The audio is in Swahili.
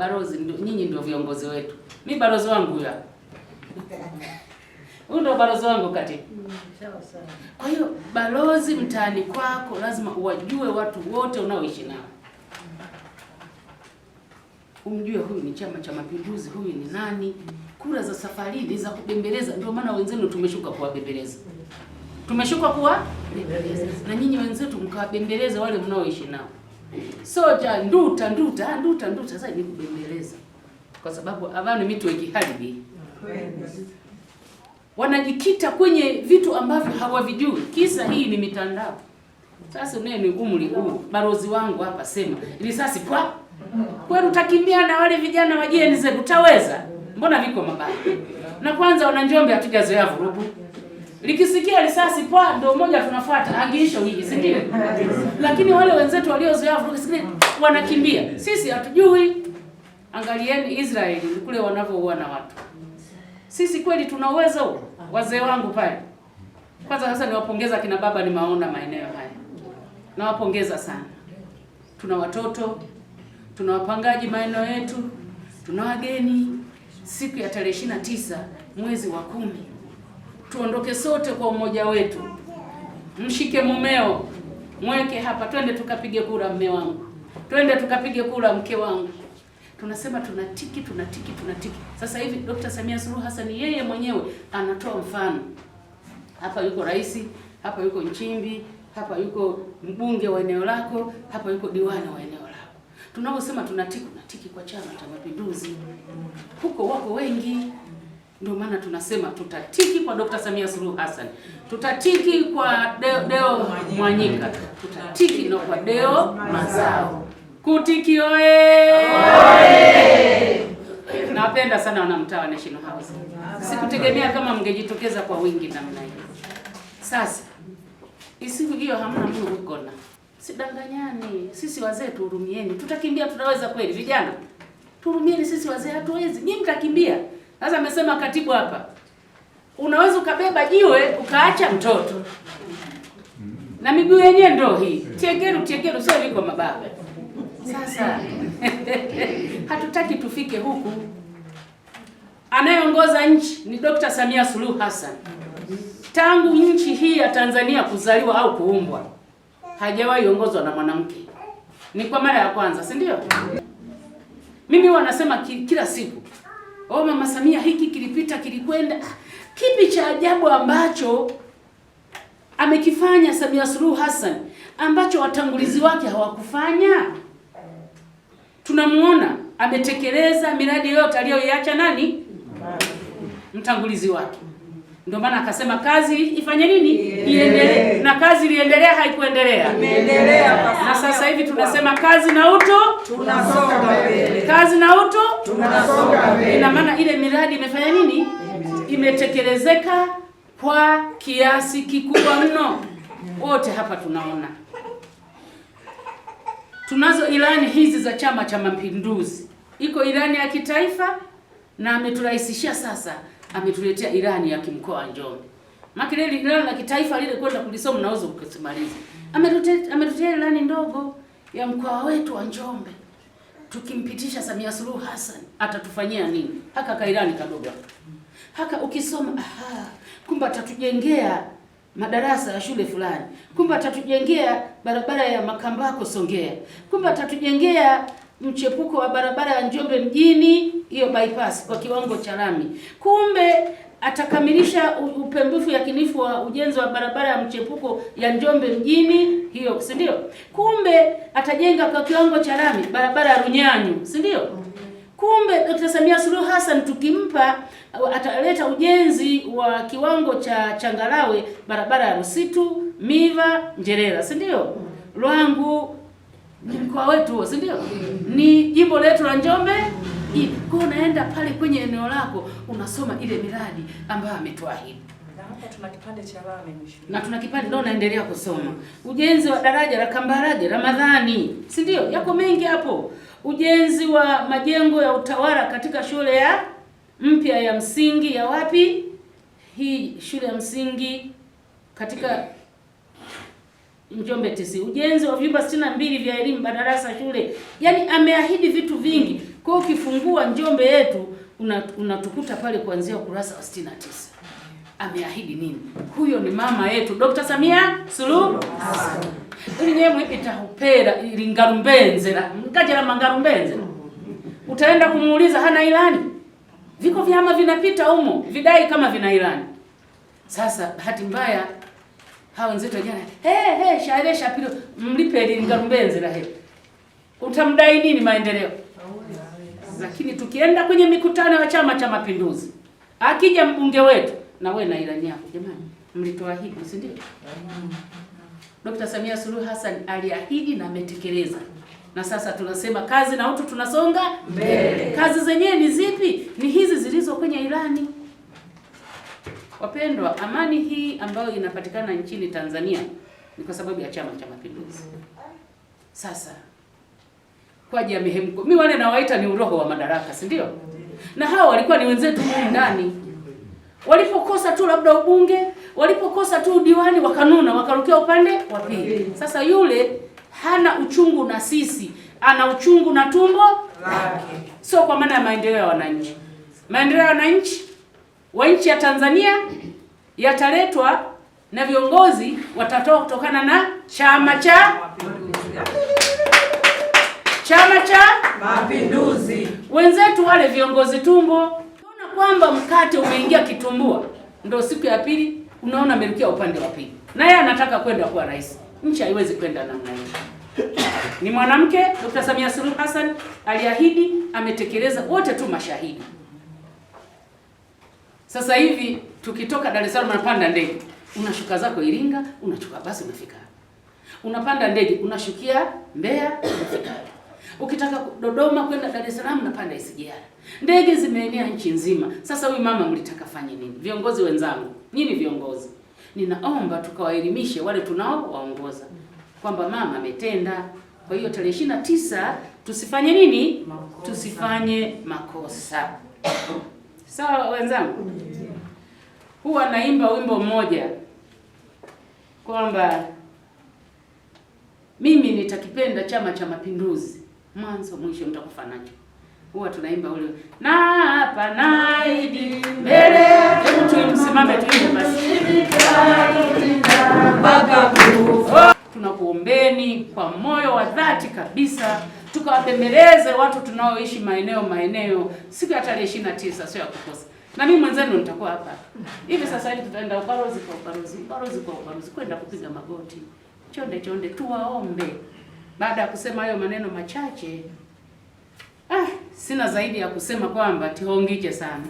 mabalozi, nyinyi ndio viongozi wetu. Mi balozi wangu huyo huyu ndio balozi wangu kati. Kwa hiyo balozi mtaani kwako lazima uwajue watu wote unaoishi nao, umjue huyu ni Chama cha Mapinduzi, huyu ni nani. Kura za ni za kubembeleza, ndio maana wenzenu tumeshuka kuwabembeleza, tumeshuka kuwa na nyinyi wenzetu mkawabembeleze wale mnaoishi nao soja nduta nduta ah, nduta nduta sasa ni kubembeleza, kwa sababu abanu mitu wegiharibi wanajikita kwenye vitu ambavyo hawavijui. Kisa hii ni mitandao. Sasa unaye ni umri huu, barozi wangu hapa sema ili sasa kwa kweli utakimbia na wale vijana wa zetu utaweza? Mbona viko mabaya? Na kwanza wana Njombe hatujazoea vurugu likisikia risasi pa ndo moja tunafuata angiisho hii, si ndio? Lakini wale wenzetu waliozoea vurugu wanakimbia, sisi hatujui. Angalieni Israeli kule wanavyouana na watu, sisi kweli tuna uwezo? Wazee wangu pale kwanza, sasa niwapongeza kina baba maona maeneo haya, nawapongeza sana. Tuna watoto, tuna wapangaji maeneo yetu, tuna wageni. Siku ya tarehe ishirini na tisa mwezi wa kumi tuondoke sote kwa umoja wetu. Mshike mumeo, mweke hapa, twende tukapige kura, mme wangu, twende tukapige kura, mke wangu. Tunasema tunatiki, tunatiki, tunatiki. Sasa hivi Dr. Samia Suluhu Hassan yeye mwenyewe anatoa mfano hapa, yuko rais, hapa yuko Nchimbi, hapa yuko mbunge wa eneo lako, hapa yuko diwani wa eneo lako. Tunaposema tunatiki, tunatiki kwa Chama cha Mapinduzi, huko wako wengi ndio maana tunasema tutatiki kwa Dr. Samia Suluhu Hassan, tutatiki kwa Deo, Deo Mwanyika, tutatiki na kwa Deo Mazao. Kutiki oye! Napenda sana wanamtaa wa National House. Sikutegemea kama mngejitokeza kwa wingi namna hiyo. Sasa isiku hiyo hamna mtu ukona, sidanganyani. Sisi wazee tuhurumieni, tutakimbia. Tunaweza kweli? Vijana tuhurumieni, sisi wazee hatuwezi. Nyinyi mtakimbia sasa amesema katibu hapa, unaweza ukabeba jiwe ukaacha mtoto mm. na miguu yenyewe ndo hii tegeru tegeru, sio liko mababa. Sasa hatutaki tufike huku. Anayeongoza nchi ni Dr. Samia Suluhu Hassan. Tangu nchi hii ya Tanzania kuzaliwa au kuumbwa, hajawahi ongozwa na mwanamke, ni kwa mara ya kwanza, si ndio? Mimi wanasema kila siku oh, mama Samia, hiki kilipita kilikwenda. Kipi cha ajabu ambacho amekifanya Samia Suluhu Hassan ambacho watangulizi wake hawakufanya? Tunamuona ametekeleza miradi yote aliyoiacha nani, mtangulizi wake. Ndio maana akasema kazi ifanye nini, iendelee. Na kazi iliendelea, haikuendelea, imeendelea. Na sasa hivi tunasema kazi na utu tunasonga mbele, kazi na utu tunasonga mbele. Ina maana ile miradi imefanya nini? Imetekelezeka kwa kiasi kikubwa mno. Wote hapa tunaona tunazo ilani hizi za Chama cha Mapinduzi, iko ilani ya kitaifa na ameturahisishia sasa, ametuletea ilani ya kimkoa wa Njombe. Makileli ilani ya kitaifa lile kwenda kulisoma naweza kusimaliza. Ametuletea ilani ndogo ya mkoa wetu wa Njombe tukimpitisha Samia Suluhu Hassan atatufanyia nini? Haka kairani kadogo haka ukisoma, aha, kumbe atatujengea madarasa ya shule fulani, kumbe atatujengea barabara ya Makambako Songea, kumbe atatujengea mchepuko wa barabara ya Njombe mjini, hiyo bypass kwa kiwango cha lami. Kumbe atakamilisha upembufu yakinifu wa ujenzi wa barabara ya mchepuko ya Njombe mjini hiyo, si ndio? Kumbe atajenga kwa kiwango cha lami barabara ya Runyanyu, si ndio? Kumbe Dr. Samia Suluhu Hassan tukimpa ataleta ujenzi wa kiwango cha changarawe barabara ya Rusitu, Miva, Njerera, si ndio? Lwangu ni mkoa wetu huo, si ndio? Ni jimbo letu la Njombe. Kwa unaenda pale kwenye eneo lako unasoma ile miradi ambayo ametuahidi na tuna kipande ndio naendelea kusoma ujenzi wa daraja la Kambarage Ramadhani, si ndio? Yako mengi hapo, ujenzi wa majengo ya utawala katika shule ya mpya ya msingi ya wapi hii shule ya msingi katika Njombe TC, ujenzi wa vyumba sitini mbili vya elimu, madarasa, shule, yaani ameahidi vitu vingi. Kwa hiyo ukifungua Njombe yetu unatukuta una pale kuanzia ukurasa wa sitini ameahidi nini? Huyo ni mama yetu Dr. Samia Suluhu Hassan ulinyemwe yaani itahupera ilingarumbenzera mkajala mangarumbenze utaenda kumuuliza hana ilani. Viko vyama vinapita humo vidai kama vina ilani. Sasa bahati mbaya hao nzito jana he he shaere shapiro mlipe elimu garumbenzi rahe utamdai nini maendeleo? Lakini tukienda kwenye mikutano ya Chama cha Mapinduzi, akija mbunge wetu na we na ilani yako, jamani, mlituahidi si ndio? Dr. Samia Suluhu Hassan aliahidi na ametekeleza, na sasa tunasema kazi na utu tunasonga mbele. Kazi zenyewe ni zipi? Ni hizi zilizo kwenye ilani. Wapendwa, amani hii ambayo inapatikana nchini Tanzania ni kwa sababu ya Chama cha Mapinduzi. Sasa kwa jamehemko, mi wale nawaita ni uroho wa madaraka, si ndio? Na hao walikuwa ni wenzetu huko ndani, walipokosa tu labda ubunge, walipokosa tu diwani wakanuna wakarukia upande wa pili. Sasa yule hana uchungu na sisi, ana uchungu na tumbo lake, sio kwa maana ya maendeleo ya wananchi. Maendeleo ya wananchi wa nchi ya Tanzania yataletwa na viongozi watatoa kutokana na Chama cha Chama cha Mapinduzi. Wenzetu wale viongozi tumbo, unaona kwamba mkate umeingia kitumbua, ndio siku ya pili unaona amerukia upande wa pili, naye anataka kwenda kuwa rais. Nchi haiwezi kwenda namna hiyo. Ni mwanamke. Dr. Samia Suluhu Hassan aliahidi, ametekeleza, wote tu mashahidi. Sasa hivi tukitoka Dar es Salaam unapanda ndege, unashuka zako Iringa, unachuka basi unafika. Unapanda ndege, unashukia Mbeya, unafika. Ukitaka Dodoma kwenda Dar es Salaam unapanda SGR. Ndege zimeenea nchi nzima. Sasa huyu mama mlitaka fanye nini? Viongozi wenzangu, nyinyi viongozi. Ninaomba tukawaelimishe wale tunao waongoza kwamba mama ametenda. Kwa hiyo tarehe ishirini na tisa tusifanye nini? Makosa. Tusifanye makosa. Sawa wenzangu, huwa naimba wimbo mmoja kwamba mimi nitakipenda Chama cha Mapinduzi, mwanzo mwisho nitakufa nacho. Huwa tunaimba ule na hapa naidi mbele tu, msimame tuimbe basi, tunakuombeni kwa moyo wa dhati kabisa tukawatembeleze watu tunaoishi maeneo maeneo, siku ya tarehe ishirini na tisa sio ya kukosa. Na mimi mwenzenu nitakuwa hapa hivi sasa hivi, tutaenda ubarozi kwa ubarozi, ubarozi kwa ubarozi, kwenda kupiga magoti, chonde chonde, tuwaombe. Baada ya kusema hayo maneno machache, ah, sina zaidi ya kusema kwamba tihongije sana